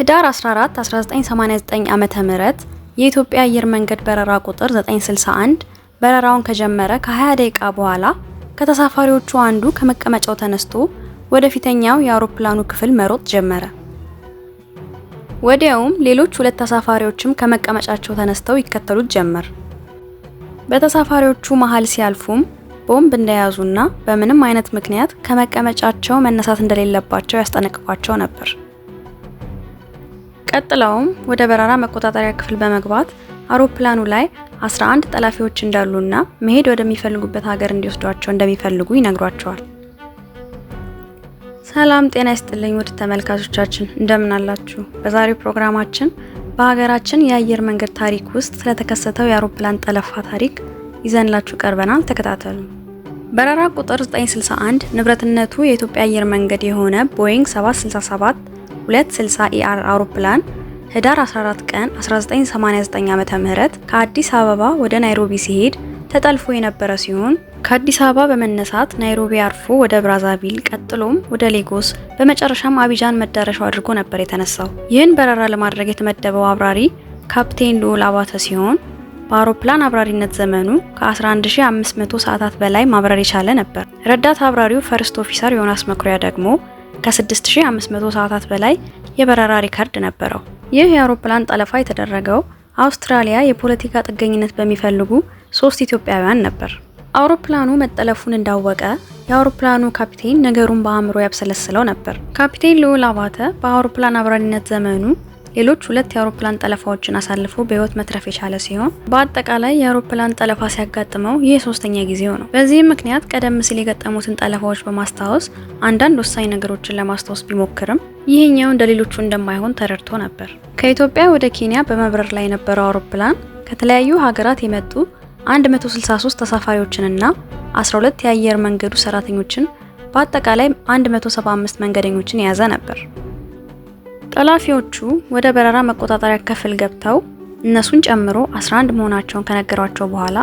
ህዳር 14 1989 ዓመተ የኢትዮጵያ አየር መንገድ በረራ ቁጥር 961 በረራውን ከጀመረ ከ20 ደቂቃ በኋላ ከተሳፋሪዎቹ አንዱ ከመቀመጫው ተነስቶ ወደ ፊተኛው የአውሮፕላኑ ክፍል መሮጥ ጀመረ። ወዲያውም ሌሎች ሁለት ተሳፋሪዎችም ከመቀመጫቸው ተነስተው ይከተሉት ጀመር። በተሳፋሪዎቹ መሃል ሲያልፉም ቦምብ እንደያዙና በምንም አይነት ምክንያት ከመቀመጫቸው መነሳት እንደሌለባቸው ያስጠነቅቋቸው ነበር። ቀጥለውም ወደ በረራ መቆጣጠሪያ ክፍል በመግባት አውሮፕላኑ ላይ 11 ጠላፊዎች እንዳሉና መሄድ ወደሚፈልጉበት ሀገር እንዲወስዷቸው እንደሚፈልጉ ይነግሯቸዋል። ሰላም ጤና ይስጥልኝ ውድ ተመልካቾቻችን እንደምን አላችሁ? በዛሬው ፕሮግራማችን በሀገራችን የአየር መንገድ ታሪክ ውስጥ ስለተከሰተው የአውሮፕላን ጠለፋ ታሪክ ይዘንላችሁ ቀርበናል። ተከታተሉ። በረራ ቁጥር 961 ንብረትነቱ የኢትዮጵያ አየር መንገድ የሆነ ቦይንግ 767 260 ኢአር አውሮፕላን ህዳር 14 ቀን 1989 ዓ.ም ከአዲስ አበባ ወደ ናይሮቢ ሲሄድ ተጠልፎ የነበረ ሲሆን ከአዲስ አበባ በመነሳት ናይሮቢ አርፎ ወደ ብራዛቪል ቀጥሎም ወደ ሌጎስ በመጨረሻም አቢጃን መዳረሻው አድርጎ ነበር የተነሳው። ይህን በረራ ለማድረግ የተመደበው አብራሪ ካፕቴን ልዑል አባተ ሲሆን በአውሮፕላን አብራሪነት ዘመኑ ከ11500 ሰዓታት በላይ ማብረር የቻለ ነበር። ረዳት አብራሪው ፈርስት ኦፊሰር ዮናስ መኩሪያ ደግሞ ከ6500 ሰዓታት በላይ የበረራ ሪከርድ ነበረው። ይህ የአውሮፕላን ጠለፋ የተደረገው አውስትራሊያ የፖለቲካ ጥገኝነት በሚፈልጉ ሶስት ኢትዮጵያውያን ነበር። አውሮፕላኑ መጠለፉን እንዳወቀ የአውሮፕላኑ ካፒቴን ነገሩን በአእምሮ ያብሰለስለው ነበር። ካፒቴን ልዑል አባተ በአውሮፕላን አብራሪነት ዘመኑ ሌሎች ሁለት የአውሮፕላን ጠለፋዎችን አሳልፎ በህይወት መትረፍ የቻለ ሲሆን በአጠቃላይ የአውሮፕላን ጠለፋ ሲያጋጥመው ይህ ሶስተኛ ጊዜው ነው። በዚህም ምክንያት ቀደም ሲል የገጠሙትን ጠለፋዎች በማስታወስ አንዳንድ ወሳኝ ነገሮችን ለማስታወስ ቢሞክርም ይህኛው እንደ ሌሎቹ እንደማይሆን ተረድቶ ነበር። ከኢትዮጵያ ወደ ኬንያ በመብረር ላይ የነበረው አውሮፕላን ከተለያዩ ሀገራት የመጡ 163 ተሳፋሪዎችንና 12 የአየር መንገዱ ሰራተኞችን በአጠቃላይ 175 መንገደኞችን የያዘ ነበር። ጠላፊዎቹ ወደ በረራ መቆጣጠሪያ ክፍል ገብተው እነሱን ጨምሮ 11 መሆናቸውን ከነገሯቸው በኋላ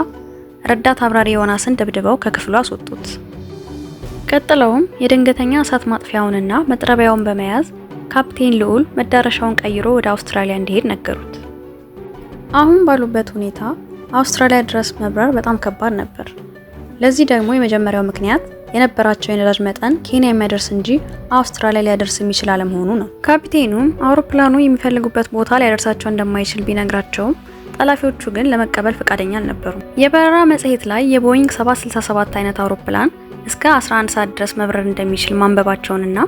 ረዳት አብራሪ ዮናስን ደብድበው ከክፍሉ አስወጡት። ቀጥለውም የድንገተኛ እሳት ማጥፊያውንና መጥረቢያውን በመያዝ ካፕቴን ልዑል መዳረሻውን ቀይሮ ወደ አውስትራሊያ እንዲሄድ ነገሩት። አሁን ባሉበት ሁኔታ አውስትራሊያ ድረስ መብረር በጣም ከባድ ነበር። ለዚህ ደግሞ የመጀመሪያው ምክንያት የነበራቸው የነዳጅ መጠን ኬንያ የሚያደርስ እንጂ አውስትራሊያ ሊያደርስ የሚችል አለመሆኑ ነው። ካፒቴኑም አውሮፕላኑ የሚፈልጉበት ቦታ ሊያደርሳቸው እንደማይችል ቢነግራቸውም ጠላፊዎቹ ግን ለመቀበል ፈቃደኛ አልነበሩም። የበረራ መጽሔት ላይ የቦይንግ 767 አይነት አውሮፕላን እስከ 11 ሰዓት ድረስ መብረር እንደሚችል ማንበባቸውንና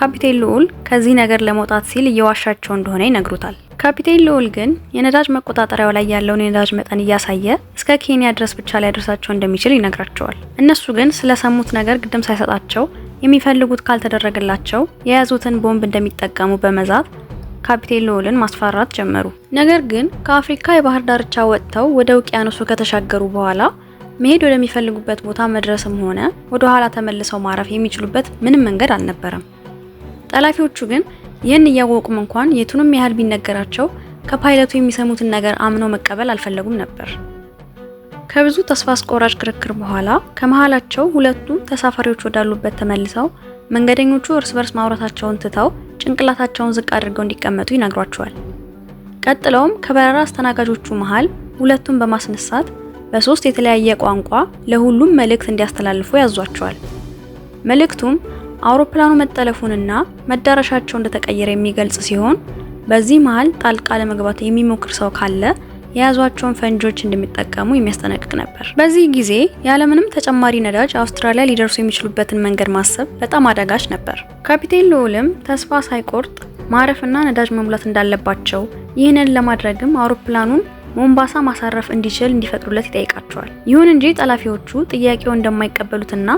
ካፒቴን ልዑል ከዚህ ነገር ለመውጣት ሲል እየዋሻቸው እንደሆነ ይነግሩታል። ካፒቴን ልዑል ግን የነዳጅ መቆጣጠሪያው ላይ ያለውን የነዳጅ መጠን እያሳየ እስከ ኬንያ ድረስ ብቻ ሊያደርሳቸው እንደሚችል ይነግራቸዋል። እነሱ ግን ስለሰሙት ነገር ግድም ሳይሰጣቸው የሚፈልጉት ካልተደረገላቸው የያዙትን ቦምብ እንደሚጠቀሙ በመዛት ካፒቴን ልዑልን ማስፈራራት ጀመሩ። ነገር ግን ከአፍሪካ የባህር ዳርቻ ወጥተው ወደ ውቅያኖሱ ከተሻገሩ በኋላ መሄድ ወደሚፈልጉበት ቦታ መድረስም ሆነ ወደ ኋላ ተመልሰው ማረፍ የሚችሉበት ምንም መንገድ አልነበረም። ጠላፊዎቹ ግን ይህን እያወቁም እንኳን የቱንም ያህል ቢነገራቸው ከፓይለቱ የሚሰሙትን ነገር አምነው መቀበል አልፈለጉም ነበር። ከብዙ ተስፋ አስቆራጭ ክርክር በኋላ ከመሃላቸው ሁለቱ ተሳፋሪዎች ወዳሉበት ተመልሰው መንገደኞቹ እርስ በርስ ማውራታቸውን ትተው ጭንቅላታቸውን ዝቅ አድርገው እንዲቀመጡ ይነግሯቸዋል። ቀጥለውም ከበረራ አስተናጋጆቹ መሃል ሁለቱን በማስነሳት በሶስት የተለያየ ቋንቋ ለሁሉም መልእክት እንዲያስተላልፉ ያዟቸዋል። መልእክቱም አውሮፕላኑ መጠለፉንና መዳረሻቸው እንደተቀየረ የሚገልጽ ሲሆን በዚህ መሀል ጣልቃ ለመግባት የሚሞክር ሰው ካለ የያዟቸውን ፈንጂዎች እንደሚጠቀሙ የሚያስጠነቅቅ ነበር። በዚህ ጊዜ ያለምንም ተጨማሪ ነዳጅ አውስትራሊያ ሊደርሱ የሚችሉበትን መንገድ ማሰብ በጣም አዳጋች ነበር። ካፒቴን ልዑልም ተስፋ ሳይቆርጥ ማረፍና ነዳጅ መሙላት እንዳለባቸው፣ ይህንን ለማድረግም አውሮፕላኑን ሞምባሳ ማሳረፍ እንዲችል እንዲፈቅዱለት ይጠይቃቸዋል። ይሁን እንጂ ጠላፊዎቹ ጥያቄው እንደማይቀበሉትና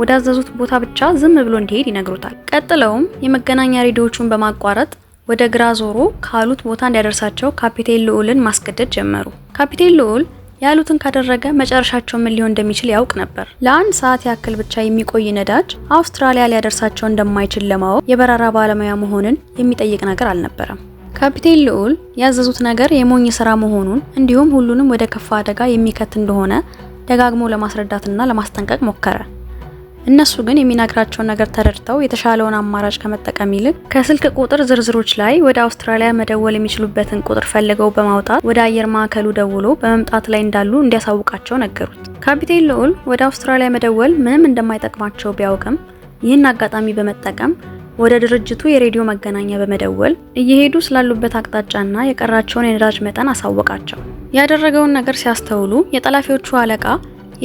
ወዳዘዙት ቦታ ብቻ ዝም ብሎ እንዲሄድ ይነግሩታል። ቀጥለውም የመገናኛ ሬዲዮዎቹን በማቋረጥ ወደ ግራ ዞሮ ካሉት ቦታ እንዲያደርሳቸው ካፒቴን ልዑልን ማስገደድ ጀመሩ። ካፒቴን ልዑል ያሉትን ካደረገ መጨረሻቸው ምን ሊሆን እንደሚችል ያውቅ ነበር። ለአንድ ሰዓት ያክል ብቻ የሚቆይ ነዳጅ አውስትራሊያ ሊያደርሳቸው እንደማይችል ለማወቅ የበረራ ባለሙያ መሆንን የሚጠይቅ ነገር አልነበረም። ካፒቴን ልዑል ያዘዙት ነገር የሞኝ ስራ መሆኑን እንዲሁም ሁሉንም ወደ ከፋ አደጋ የሚከት እንደሆነ ደጋግሞ ለማስረዳትና ለማስጠንቀቅ ሞከረ። እነሱ ግን የሚነግራቸውን ነገር ተረድተው የተሻለውን አማራጭ ከመጠቀም ይልቅ ከስልክ ቁጥር ዝርዝሮች ላይ ወደ አውስትራሊያ መደወል የሚችሉበትን ቁጥር ፈልገው በማውጣት ወደ አየር ማዕከሉ ደውሎ በመምጣት ላይ እንዳሉ እንዲያሳውቃቸው ነገሩት። ካፒቴን ልዑል ወደ አውስትራሊያ መደወል ምንም እንደማይጠቅማቸው ቢያውቅም ይህን አጋጣሚ በመጠቀም ወደ ድርጅቱ የሬዲዮ መገናኛ በመደወል እየሄዱ ስላሉበት አቅጣጫና የቀራቸውን የነዳጅ መጠን አሳወቃቸው። ያደረገውን ነገር ሲያስተውሉ የጠላፊዎቹ አለቃ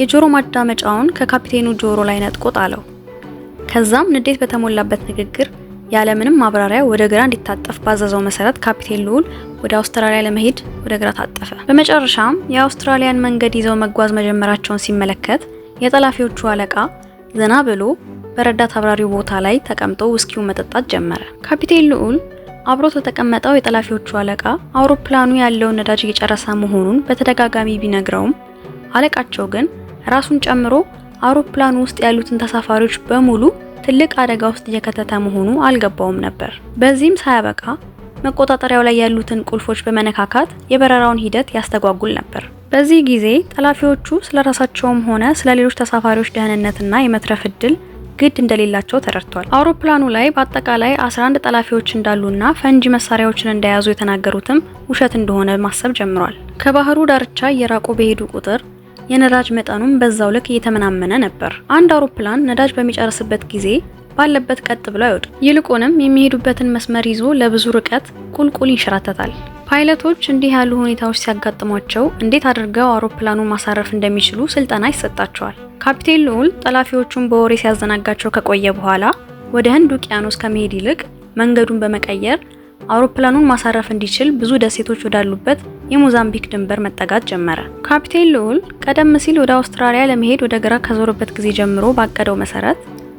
የጆሮ ማዳመጫውን ከካፒቴኑ ጆሮ ላይ ነጥቆ ጣለው። ከዛም ንዴት በተሞላበት ንግግር ያለምንም ማብራሪያ ወደ ግራ እንዲታጠፍ ባዘዘው መሰረት ካፒቴን ልዑል ወደ አውስትራሊያ ለመሄድ ወደ ግራ ታጠፈ። በመጨረሻም የአውስትራሊያን መንገድ ይዘው መጓዝ መጀመራቸውን ሲመለከት የጠላፊዎቹ አለቃ ዘና ብሎ በረዳት አብራሪው ቦታ ላይ ተቀምጦ ውስኪውን መጠጣት ጀመረ። ካፒቴን ልዑል አብሮት ለተቀመጠው የጠላፊዎቹ አለቃ አውሮፕላኑ ያለውን ነዳጅ እየጨረሰ መሆኑን በተደጋጋሚ ቢነግረውም አለቃቸው ግን ራሱን ጨምሮ አውሮፕላን ውስጥ ያሉትን ተሳፋሪዎች በሙሉ ትልቅ አደጋ ውስጥ እየከተተ መሆኑ አልገባውም ነበር። በዚህም ሳያበቃ መቆጣጠሪያው ላይ ያሉትን ቁልፎች በመነካካት የበረራውን ሂደት ያስተጓጉል ነበር። በዚህ ጊዜ ጠላፊዎቹ ስለ ራሳቸውም ሆነ ስለ ሌሎች ተሳፋሪዎች ደህንነትና የመትረፍ እድል ግድ እንደሌላቸው ተረድቷል። አውሮፕላኑ ላይ በአጠቃላይ 11 ጠላፊዎች እንዳሉና ፈንጂ መሳሪያዎችን እንደያዙ የተናገሩትም ውሸት እንደሆነ ማሰብ ጀምሯል። ከባህሩ ዳርቻ የራቁ በሄዱ ቁጥር የነዳጅ መጠኑም በዛው ልክ እየተመናመነ ነበር። አንድ አውሮፕላን ነዳጅ በሚጨርስበት ጊዜ ባለበት ቀጥ ብሎ አይወድም። ይልቁንም የሚሄዱበትን መስመር ይዞ ለብዙ ርቀት ቁልቁል ይንሸራተታል። ፓይለቶች እንዲህ ያሉ ሁኔታዎች ሲያጋጥሟቸው እንዴት አድርገው አውሮፕላኑን ማሳረፍ እንደሚችሉ ስልጠና ይሰጣቸዋል። ካፒቴን ልዑል ጠላፊዎቹን በወሬ ሲያዘናጋቸው ከቆየ በኋላ ወደ ህንድ ውቅያኖስ ከመሄድ ይልቅ መንገዱን በመቀየር አውሮፕላኑን ማሳረፍ እንዲችል ብዙ ደሴቶች ወዳሉበት የሞዛምቢክ ድንበር መጠጋት ጀመረ። ካፒቴን ልዑል ቀደም ሲል ወደ አውስትራሊያ ለመሄድ ወደ ግራ ከዞረበት ጊዜ ጀምሮ ባቀደው መሰረት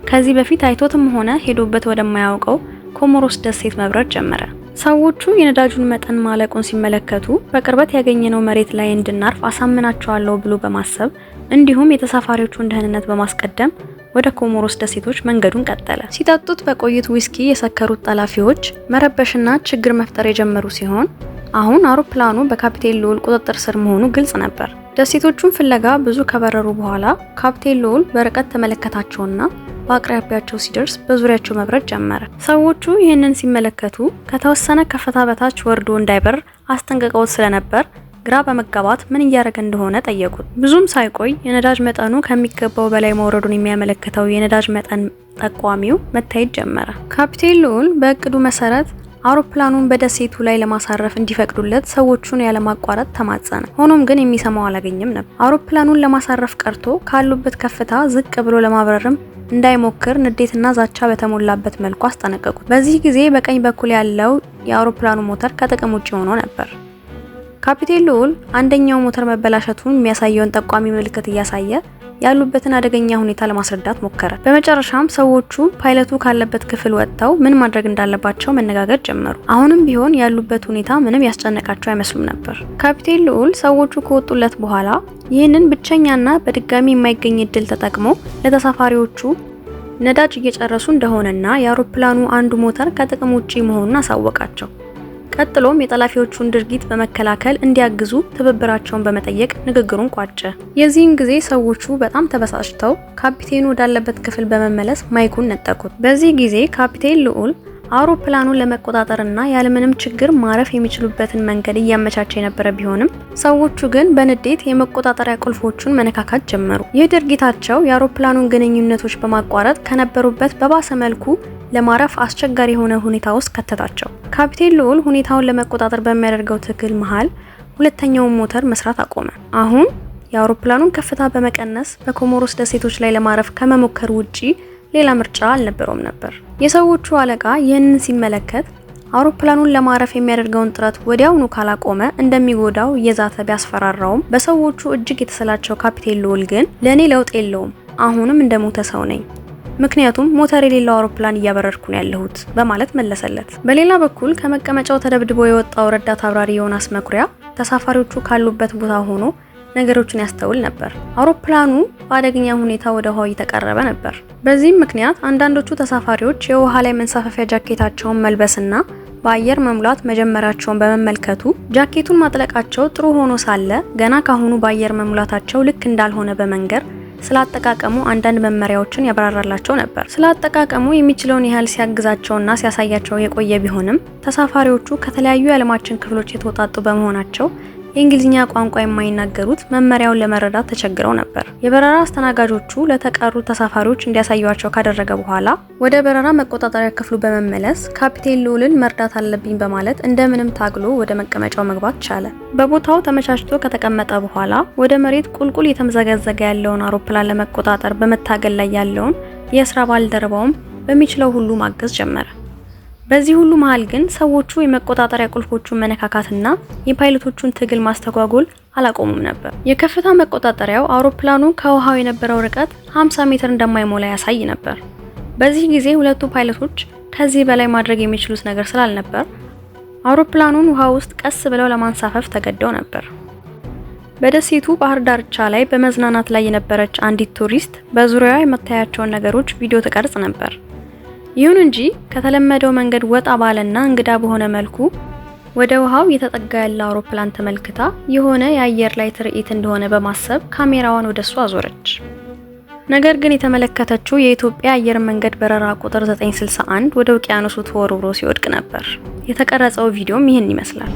ከዚህ በፊት አይቶትም ሆነ ሄዶበት ወደማያውቀው ኮሞሮስ ደሴት መብረር ጀመረ። ሰዎቹ የነዳጁን መጠን ማለቁን ሲመለከቱ በቅርበት ያገኘነው መሬት ላይ እንድናርፍ አሳምናቸዋለሁ ብሎ በማሰብ እንዲሁም የተሳፋሪዎቹን ደህንነት በማስቀደም ወደ ኮሞሮስ ደሴቶች መንገዱን ቀጠለ። ሲጠጡት በቆይት ዊስኪ የሰከሩት ጠላፊዎች መረበሽና ችግር መፍጠር የጀመሩ ሲሆን አሁን አውሮፕላኑ በካፕቴን ልዑል ቁጥጥር ስር መሆኑ ግልጽ ነበር። ደሴቶቹን ፍለጋ ብዙ ከበረሩ በኋላ ካፕቴን ልዑል በርቀት ተመለከታቸውና በአቅራቢያቸው ሲደርስ በዙሪያቸው መብረር ጀመረ። ሰዎቹ ይህንን ሲመለከቱ ከተወሰነ ከፍታ በታች ወርዶ እንዳይበር አስጠንቅቀውት ስለነበር ግራ በመጋባት ምን እያደረገ እንደሆነ ጠየቁት። ብዙም ሳይቆይ የነዳጅ መጠኑ ከሚገባው በላይ መውረዱን የሚያመለክተው የነዳጅ መጠን ጠቋሚው መታየት ጀመረ። ካፒቴን ልዑል በእቅዱ መሰረት አውሮፕላኑን በደሴቱ ላይ ለማሳረፍ እንዲፈቅዱለት ሰዎቹን ያለማቋረጥ ተማጸነ። ሆኖም ግን የሚሰማው አላገኘም ነበር። አውሮፕላኑን ለማሳረፍ ቀርቶ ካሉበት ከፍታ ዝቅ ብሎ ለማብረርም እንዳይሞክር ንዴትና ዛቻ በተሞላበት መልኩ አስጠነቀቁት። በዚህ ጊዜ በቀኝ በኩል ያለው የአውሮፕላኑ ሞተር ከጥቅም ውጭ ሆኖ ነበር። ካፒቴን ልዑል አንደኛው ሞተር መበላሸቱን የሚያሳየውን ጠቋሚ ምልክት እያሳየ ያሉበትን አደገኛ ሁኔታ ለማስረዳት ሞከረ። በመጨረሻም ሰዎቹ ፓይለቱ ካለበት ክፍል ወጥተው ምን ማድረግ እንዳለባቸው መነጋገር ጀመሩ። አሁንም ቢሆን ያሉበት ሁኔታ ምንም ያስጨነቃቸው አይመስሉም ነበር። ካፒቴን ልዑል ሰዎቹ ከወጡለት በኋላ ይህንን ብቸኛና በድጋሚ የማይገኝ እድል ተጠቅሞ ለተሳፋሪዎቹ ነዳጅ እየጨረሱ እንደሆነና የአውሮፕላኑ አንዱ ሞተር ከጥቅም ውጪ መሆኑን አሳወቃቸው። ቀጥሎም የጠላፊዎቹን ድርጊት በመከላከል እንዲያግዙ ትብብራቸውን በመጠየቅ ንግግሩን ቋጨ። የዚህን ጊዜ ሰዎቹ በጣም ተበሳጭተው ካፒቴኑ ወዳለበት ክፍል በመመለስ ማይኩን ነጠቁት። በዚህ ጊዜ ካፒቴን ልዑል አውሮፕላኑን ለመቆጣጠርና ያለምንም ችግር ማረፍ የሚችሉበትን መንገድ እያመቻቸ የነበረ ቢሆንም ሰዎቹ ግን በንዴት የመቆጣጠሪያ ቁልፎቹን መነካካት ጀመሩ። ይህ ድርጊታቸው የአውሮፕላኑን ግንኙነቶች በማቋረጥ ከነበሩበት በባሰ መልኩ ለማረፍ አስቸጋሪ የሆነ ሁኔታ ውስጥ ከተታቸው። ካፒቴን ልዑል ሁኔታውን ለመቆጣጠር በሚያደርገው ትግል መሃል ሁለተኛውን ሞተር መስራት አቆመ። አሁን የአውሮፕላኑን ከፍታ በመቀነስ በኮሞሮስ ደሴቶች ላይ ለማረፍ ከመሞከር ውጪ ሌላ ምርጫ አልነበረውም ነበር። የሰዎቹ አለቃ ይህንን ሲመለከት አውሮፕላኑን ለማረፍ የሚያደርገውን ጥረት ወዲያውኑ ካላቆመ እንደሚጎዳው እየዛተ ቢያስፈራራውም በሰዎቹ እጅግ የተሰላቸው ካፒቴን ልዑል ግን ለእኔ ለውጥ የለውም፣ አሁንም እንደሞተ ሰው ነኝ ምክንያቱም ሞተር የሌለው አውሮፕላን እያበረርኩ ነው ያለሁት በማለት መለሰለት። በሌላ በኩል ከመቀመጫው ተደብድቦ የወጣው ረዳት አብራሪ ዮናስ መኩሪያ ተሳፋሪዎቹ ካሉበት ቦታ ሆኖ ነገሮችን ያስተውል ነበር። አውሮፕላኑ በአደገኛ ሁኔታ ወደ ውሃው እየተቀረበ ነበር። በዚህም ምክንያት አንዳንዶቹ ተሳፋሪዎች የውሃ ላይ መንሳፈፊያ ጃኬታቸውን መልበስና በአየር መሙላት መጀመራቸውን በመመልከቱ ጃኬቱን ማጥለቃቸው ጥሩ ሆኖ ሳለ ገና ካሁኑ በአየር መሙላታቸው ልክ እንዳልሆነ በመንገር ስለ አጠቃቀሙ አንዳንድ መመሪያዎችን ያብራራላቸው ነበር። ስለ አጠቃቀሙ የሚችለውን ያህል ሲያግዛቸውና ሲያሳያቸው የቆየ ቢሆንም ተሳፋሪዎቹ ከተለያዩ የዓለማችን ክፍሎች የተውጣጡ በመሆናቸው የእንግሊዝኛ ቋንቋ የማይናገሩት መመሪያውን ለመረዳት ተቸግረው ነበር። የበረራ አስተናጋጆቹ ለተቀሩት ተሳፋሪዎች እንዲያሳዩቸው ካደረገ በኋላ ወደ በረራ መቆጣጠሪያ ክፍሉ በመመለስ ካፒቴን ልዑልን መርዳት አለብኝ በማለት እንደምንም ታግሎ ወደ መቀመጫው መግባት ቻለ። በቦታው ተመቻችቶ ከተቀመጠ በኋላ ወደ መሬት ቁልቁል የተመዘገዘገ ያለውን አውሮፕላን ለመቆጣጠር በመታገል ላይ ያለውን የስራ ባልደረባውም በሚችለው ሁሉ ማገዝ ጀመረ። በዚህ ሁሉ መሀል ግን ሰዎቹ የመቆጣጠሪያ ቁልፎቹን መነካካትና የፓይለቶቹን ትግል ማስተጓጎል አላቆሙም ነበር። የከፍታ መቆጣጠሪያው አውሮፕላኑ ከውሃው የነበረው ርቀት 50 ሜትር እንደማይሞላ ያሳይ ነበር። በዚህ ጊዜ ሁለቱ ፓይለቶች ከዚህ በላይ ማድረግ የሚችሉት ነገር ስላልነበር አውሮፕላኑን ውሃ ውስጥ ቀስ ብለው ለማንሳፈፍ ተገደው ነበር። በደሴቱ ባህር ዳርቻ ላይ በመዝናናት ላይ የነበረች አንዲት ቱሪስት በዙሪያዋ የምታያቸውን ነገሮች ቪዲዮ ትቀርጽ ነበር። ይሁን እንጂ ከተለመደው መንገድ ወጣ ባለና እንግዳ በሆነ መልኩ ወደ ውሃው እየተጠጋ ያለ አውሮፕላን ተመልክታ የሆነ የአየር ላይ ትርኢት እንደሆነ በማሰብ ካሜራዋን ወደ እሱ አዞረች። ነገር ግን የተመለከተችው የኢትዮጵያ አየር መንገድ በረራ ቁጥር 961 ወደ ውቅያኖሱ ተወርውሮ ሲወድቅ ነበር። የተቀረጸው ቪዲዮም ይህን ይመስላል።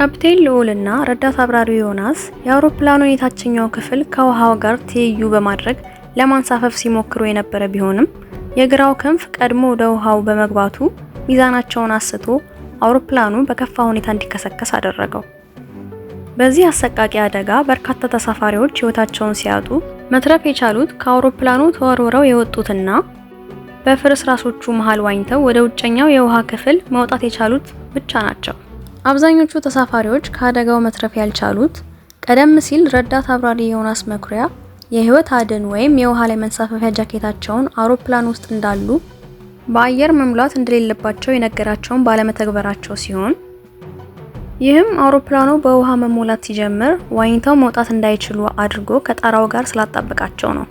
ካፕቴን ልዑልና ረዳት አብራሪ ዮናስ የአውሮፕላኑን የታችኛው ክፍል ከውሃው ጋር ትይዩ በማድረግ ለማንሳፈፍ ሲሞክሩ የነበረ ቢሆንም የግራው ክንፍ ቀድሞ ወደ ውሃው በመግባቱ ሚዛናቸውን አስቶ አውሮፕላኑ በከፋ ሁኔታ እንዲከሰከስ አደረገው። በዚህ አሰቃቂ አደጋ በርካታ ተሳፋሪዎች ሕይወታቸውን ሲያጡ መትረፍ የቻሉት ከአውሮፕላኑ ተወርውረው የወጡትና በፍርስራሾቹ መሃል ዋኝተው ወደ ውጨኛው የውሃ ክፍል መውጣት የቻሉት ብቻ ናቸው። አብዛኞቹ ተሳፋሪዎች ከአደጋው መትረፍ ያልቻሉት ቀደም ሲል ረዳት አብራሪ ዮናስ መኩሪያ የህይወት አድን ወይም የውሃ ላይ መንሳፈፊያ ጃኬታቸውን አውሮፕላን ውስጥ እንዳሉ በአየር መሙላት እንደሌለባቸው የነገራቸውን ባለመተግበራቸው ሲሆን ይህም አውሮፕላኑ በውሃ መሞላት ሲጀምር ዋኝተው መውጣት እንዳይችሉ አድርጎ ከጣራው ጋር ስላጣበቃቸው ነው።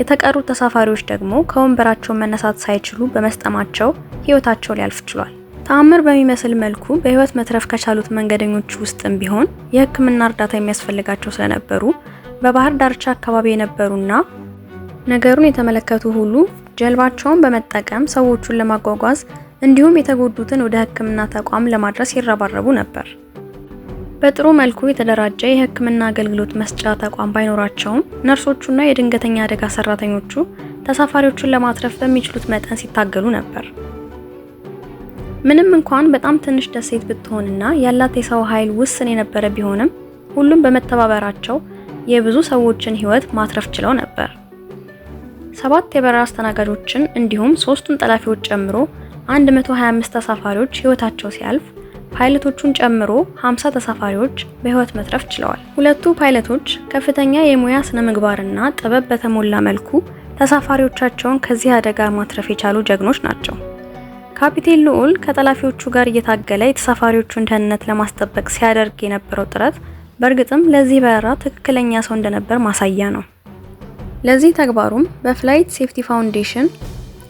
የተቀሩት ተሳፋሪዎች ደግሞ ከወንበራቸው መነሳት ሳይችሉ በመስጠማቸው ህይወታቸው ሊያልፍ ችሏል። ተአምር በሚመስል መልኩ በህይወት መትረፍ ከቻሉት መንገደኞች ውስጥም ቢሆን የህክምና እርዳታ የሚያስፈልጋቸው ስለነበሩ በባህር ዳርቻ አካባቢ የነበሩና ነገሩን የተመለከቱ ሁሉ ጀልባቸውን በመጠቀም ሰዎቹን ለማጓጓዝ እንዲሁም የተጎዱትን ወደ ህክምና ተቋም ለማድረስ ይረባረቡ ነበር። በጥሩ መልኩ የተደራጀ የህክምና አገልግሎት መስጫ ተቋም ባይኖራቸውም ነርሶቹና የድንገተኛ አደጋ ሰራተኞቹ ተሳፋሪዎቹን ለማትረፍ በሚችሉት መጠን ሲታገሉ ነበር። ምንም እንኳን በጣም ትንሽ ደሴት ብትሆንና ያላት የሰው ኃይል ውስን የነበረ ቢሆንም ሁሉም በመተባበራቸው የብዙ ሰዎችን ህይወት ማትረፍ ችለው ነበር። ሰባት የበረራ አስተናጋጆችን እንዲሁም ሶስቱን ጠላፊዎች ጨምሮ 125 ተሳፋሪዎች ህይወታቸው ሲያልፍ ፓይለቶቹን ጨምሮ 50 ተሳፋሪዎች በህይወት መትረፍ ችለዋል። ሁለቱ ፓይለቶች ከፍተኛ የሙያ ስነ ምግባርና ጥበብ በተሞላ መልኩ ተሳፋሪዎቻቸውን ከዚህ አደጋ ማትረፍ የቻሉ ጀግኖች ናቸው። ካፒቴን ልዑል ከጠላፊዎቹ ጋር እየታገለ የተሳፋሪዎቹን ደህንነት ለማስጠበቅ ሲያደርግ የነበረው ጥረት በእርግጥም ለዚህ በረራ ትክክለኛ ሰው እንደነበር ማሳያ ነው። ለዚህ ተግባሩም በፍላይት ሴፍቲ ፋውንዴሽን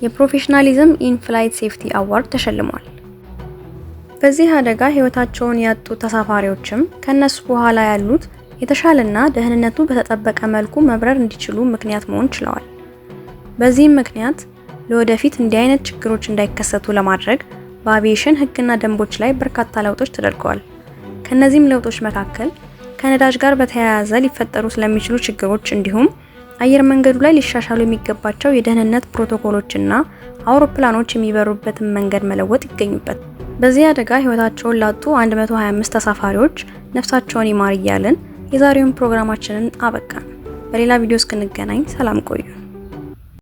የፕሮፌሽናሊዝም ኢን ፍላይት ሴፍቲ አዋርድ ተሸልሟል። በዚህ አደጋ ህይወታቸውን ያጡ ተሳፋሪዎችም ከነሱ በኋላ ያሉት የተሻለና ደህንነቱ በተጠበቀ መልኩ መብረር እንዲችሉ ምክንያት መሆን ችለዋል። በዚህም ምክንያት ለወደፊት እንዲህ አይነት ችግሮች እንዳይከሰቱ ለማድረግ በአቪዬሽን ህግና ደንቦች ላይ በርካታ ለውጦች ተደርገዋል። ከነዚህም ለውጦች መካከል ከነዳጅ ጋር በተያያዘ ሊፈጠሩ ስለሚችሉ ችግሮች እንዲሁም አየር መንገዱ ላይ ሊሻሻሉ የሚገባቸው የደህንነት ፕሮቶኮሎችና አውሮፕላኖች የሚበሩበትን መንገድ መለወጥ ይገኙበት። በዚህ አደጋ ህይወታቸውን ላጡ 125 ተሳፋሪዎች ነፍሳቸውን ይማር እያልን የዛሬውን ፕሮግራማችንን አበቃን። በሌላ ቪዲዮ እስክንገናኝ ሰላም ቆዩ።